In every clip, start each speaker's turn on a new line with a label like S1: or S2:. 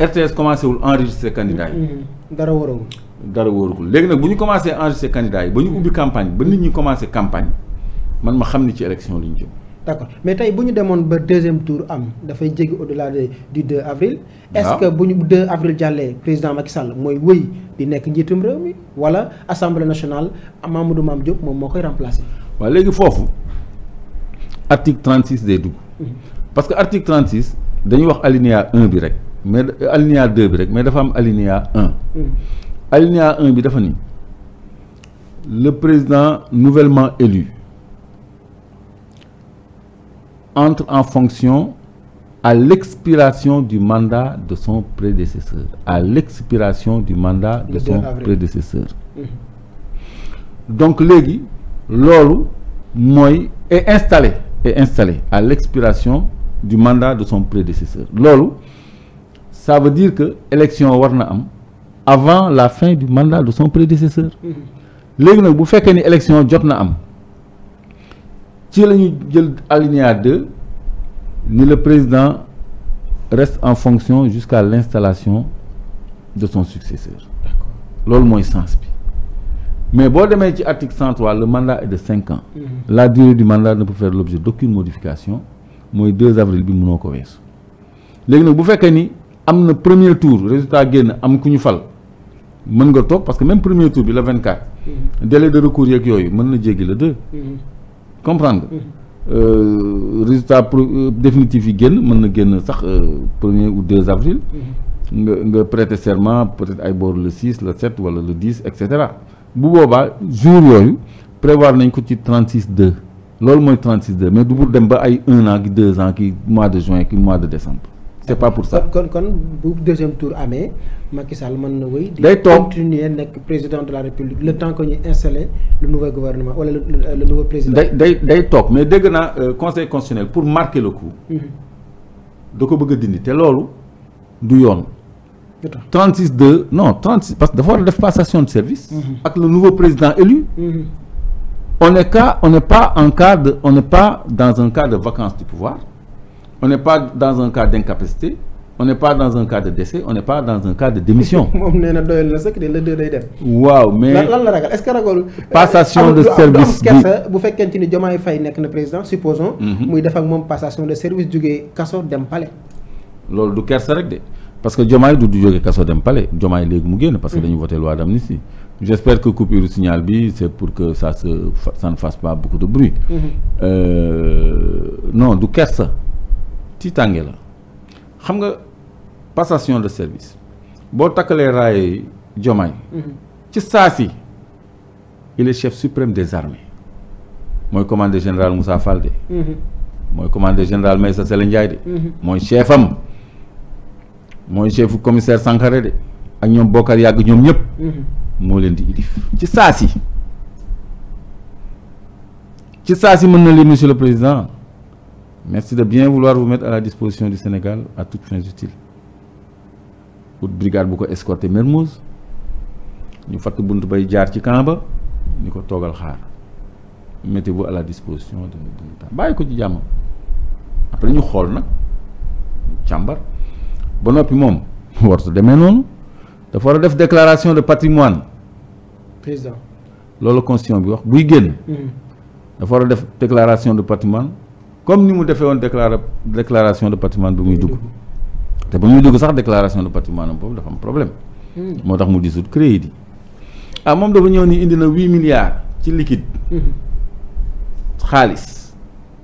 S1: RTS commencé wul enregistré candidat
S2: yi. Hmm, dara wóoragul.
S1: dara wóoragul léegi nag bu ñu commencé enregistré candidat yi ba ñu ubbi campagne ba nit ñi commencé campagne man ma xam ni ci élection li ñu jëm.
S2: d' mais tey bu ñu demoon ba deuxième tour am dafay jéggi au delà du 2 avril. est ce que bu ñu 2 avril jàllee président Macky Sall mooy wëy di nekk njiitum réew mi wala assemblée nationale Mamadou Mame Diop moom moo koy remplacer.
S1: waa léegi foofu article 36 day dugg. Hmm. parce que article 36 dañuy wax alinéa bi rek. mais alinéa 2 bi rek mais dafa am alinéa 1. Mm. alinéa 1 bi dafa nii le président nouvellement élu entre en fonction à l'expiration du mandat de son prédécesseur à l'expiration du mandat de son prédécesseur mm-hmm. donc léegi loolu mooy et installé et installé à l'expiration du mandat de son prédécesseur loolu ça veut dire que élection war na am avant la fin du mandat de son prédécesseur léegi nag bu fekkee ni élection jot na am ci lañu jël alinéa 2 ni le président reste en fonction jusqu'à l'installation de son successeur loolu mooy sens bi mais boo demee ci article 103 le mandat est de cinq ans mm-hmm. la durée du mandat ne peut faire l'objet d'aucune modification mooy 2 avril bi mënoo ko weesu léegi nag bu fekkee ni am na premier tour résultat génn am ku ñu fal mën nga toog parce que même premier tour bi la 24. Mm-hmm. délai de recours yeeg yooyu mën na jéggi le 2. Mm-hmm. comprendre nga. Mm-hmm. Euh, résultat pro euh, définitif yi génn mën na génn sax euh, premier ou 2 avril. nga nga prêter serment peut-être ay boor le 6 le 7 wala le 10 et cetera bu boobaa jour yooyu prévoir nañ ko ci 36 2 loolu mooy 36 2 mais du pour dem ba ay 1 an ki 2 ans ki mois de juin ki mois de décembre. c'est pas pour ça
S2: kon kon bu tour amee Macky Sall mën na wéy. day toog continuer nekk président de la république le temps que ñuy installer le nouveau gouvernement wala le, le, le nouveau président. day
S1: day day toog mais dégg na euh, conseil constitutionnel pour marquer le coup. Mhm. da ko bëgg a dindi te loolu du yoon. 36 2 non 36 parce que dafa war a def passation de service. Mhm. ak le nouveau président élu. Mhm. on est cas on n'est pas en cas de on pas dans un cas de vacance du pouvoir. on n'est pas dans un cas d'incapacité on n'est pas dans un cas de décès on n'est pas dans un cas de démission.
S2: moom nee na na sax de la deux dem.
S1: waaw mais lan
S2: la ragal est-ce euh, passation de service bu fekkente ni Diomaye Faye nekk na président supposons. Mhm. muy def ak moom passation de service jugee kaso dem palais.
S1: loolu du kersa rek de parce que Diomaye du du jóge kaso dem palais Diomaye léegi mu génn. parce que mhm. dañu voté loi d'amnistie. j'espère que coupure signal bi c'est pour que ça se ça ne fasse pas tiitange la xam nga passation de service boo takkalee raay Diomaye mhm. ci saa si il chef suprême des armées mooy commandeur général Moussa Fall de mhm. mooy commandeur général Meïssa Sélé de mhm. mooy chef am mooy chefu commissaire Sankaré de ak ñoom Bokar yàgg ñoom ñëpp moo leen di ilif ci saa si ci saa si mën na lii monsieur le président Merci de bien vouloir vous mettre à la disposition du Sénégal à toutes fins utiles. wut brigade bu ko escorté Mermoz ñu fatt bunt bay jaar ci camp ba ñu ko toogal xaar mettez-vous à la disposition de de bàyyi ko ci jàmm après ñu xool nag càmbar ba noppi moom wartu demee noonu dafa war a def déclaration de patrimoine président loolu constitution bi wax buy génn mm-hmm. dafa war a def déclaration de patrimoine comme ni mu defee woon déclara déclaration de patrimoine bi muy dugg te ba muy dugg sax déclaration de patrimoine boobu dafa am problème hmm. moo tax mu dissoudre crédit ah moom dafa ñëw ni indi na huit milliards ci liquide hmm. xaalis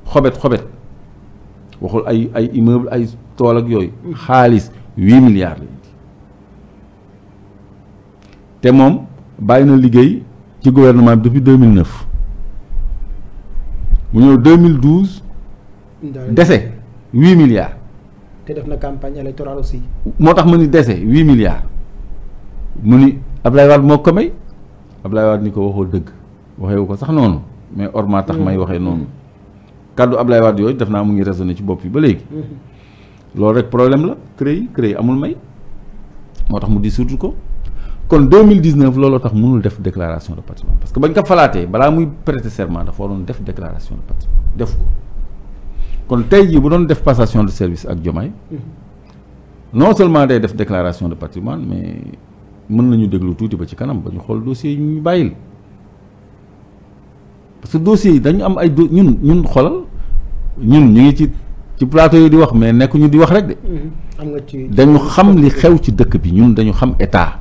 S1: xobet xobet waxul ay ay immeuble ay tool ak yooyu hmm. xaalis huit milliards la indi te moom bàyyi na liggéey ci gouvernement bi depuis 2009 mu ñëw 2012
S2: dese
S1: huit milliards.
S2: te def na campagne électorale aussi.
S1: moo tax ma ni dese huit milliards mu ni Abdoulaye Wade moo ko may Abdoulaye Wade ni ko waxoo dëgg waxewu ko sax noonu mais or maa tax may mm. waxee noonu kàddu Abdoulaye Wade yooyu def naa mu ngi raisonné ci bopp yi ba léegi.
S2: Mm-hmm.
S1: loolu rek problème la CREI CREI amul may moo tax mu dissoudre ko kon 2019 looloo tax mënul def déclaration de patrimoine parce que bañ ko falaatee balaa muy prêter def déclaration kon tey jii bu doon def passation de service ak Diomaye mm-hmm. non seulement day def déclaration de patrimoine mais mën nañu déglu tuuti ba ci kanam ba ñu xool dossier yi ñu bàyyil parce que dossiers yi dañu am ay do ñun ñun xoolal ñun ñu ngi ci ci plateau yi di wax mais nekkuñu di wax rek de.
S2: Mm-hmm. nga ci dañu xam
S1: li mm-hmm. xew ci dëkk bi ñun dañu xam état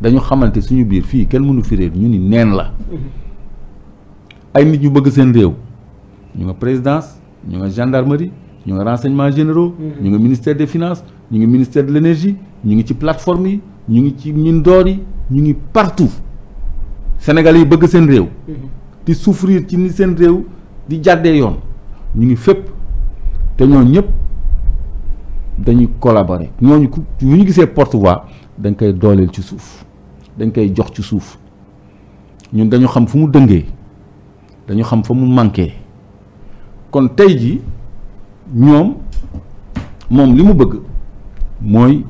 S1: dañu xamante suñu biir fii kenn mënu fi réer ñu ni neen la. ay nit ñu bëgg seen réew ñu nga présidence. ñu nga gendarmerie ñu nga renseignements généraux mhm. ñu nga ministère des finance ñu ngi ministère de l'énergie ñu ngi ci plateforme yi ñu ngi ci mine d'or yi ñu ngi partout sénégal yi bëgg seen réew mhm. di souffrir ci ni seen réew di jàddee yoon ñu ngi fépp te ñoo ñëpp dañuy collaborer ñoo ku yu ñu gisee porte-voix dañ koy dooleel ci suuf dañ koy jox ci suuf ñun dañu xam fu mu dëngee dañu xam fa mu manqué kon tey ji ñoom moom li mu bëgg mooy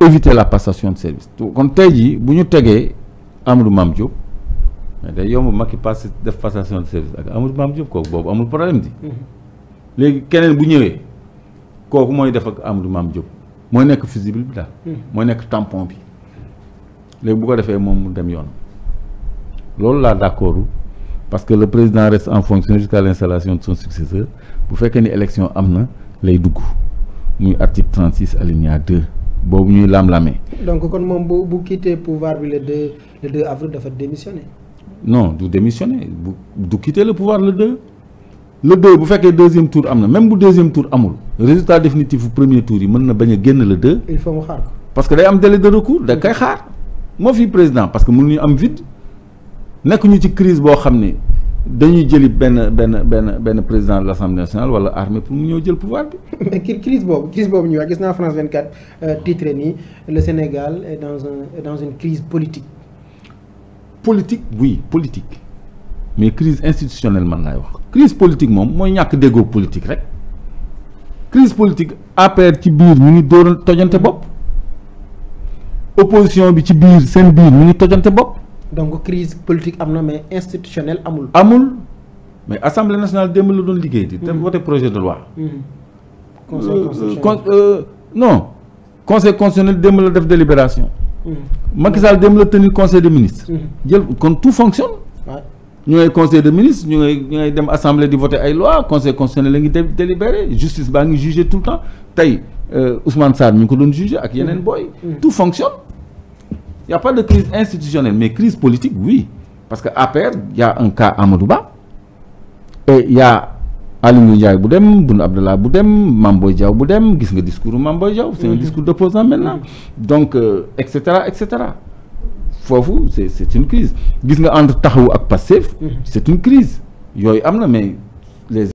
S1: éviter la passation de service kon tey jii bu ñu tegee am Amadou Mame jóg mais day yomb Macky passe def passation de service ak Amadou maam Diop kooku boobu amul problème di mhm. léegi keneen bu ñëwee kooku mooy def ak am Amadou maam jóg mooy nekk fusible bi daal mhm. mooy nekk tempon bi léegi bu ko defee moom mu dem yoon loolu laa d'accord parce que le président rest en fonction jusqu'à l'installation de son successeur bu fekkee ni élection am na lay dugg muy article 36 alinéa 2 boobu ñuy lam-lamee
S2: donc kon moom bu bu quittee pouvoir bi le 2 le 2 avril dafa démissionner
S1: non du démissionner bu du quitter le pouvoir le 2 le 2 bu fekkee deuxième tour am na même bu deuxième tour amul résultat définitif bu premier tour yi mën na bañ a génn le 2 il faut mu xaar parce que day am délai de recours da koy xaar parce que mënuñu am vide nekkuñu ci crise boo xam ni dañuy jëli benn benn benn benn président de l'Assemblée nationale wala armée pour mu ñëw jël pouvoir bi.
S2: mais crise boobu crise boobu ñu wax gis naa France 24 euh, titre nii le Sénégal est dans un crise politique.
S1: politique oui politique mais crise institutionnelle man laay wax crise politique moom mooy ñàkk déggoo politique rek crise politique APR ci biir ñu ngi dóoral tojante bopp opposition bi ci biir seen biir ñu ngi tojante bopp.
S2: donc crise politique am na mais institutionnelle amul. amul mais assemblée nationale démb la
S1: doon liggéey. di dem mm-hmm. voté projet de loi.
S2: Mm-hmm. Euh, euh,
S1: non conseil constitutionnel démb la def délibération. Mm-hmm. Macky Sall démb la tenir conseil de ministres. jël kon tout fonctionne. ñu ngay conseil de ministre ñu ngay ñu ngay dem assemblée di voté ay loi conseil constitutionnel la ngi dé délibéré justice baa ngi jugé tout le temps tey euh, Ousmane Sarr ñu ngi ko doon jugé ak yeneen booy. tout fonctionne. y' a pas de crise institutionnelle mais crise politique oui parce que APR y' a un cas Amadou Ba et y' a Aliou bu dem Boun Abdallah bu dem Mame Boye bu dem gis nga discours Mame Boye Diaw. c' est un mm-hmm. discours d'opposant maintenant mm-hmm. donc euh, et cetera et cetera foofu c' est c' est une crise gis nga entre taxawu ak Pastef. Mm-hmm. c' est une crise yooyu am na mais les.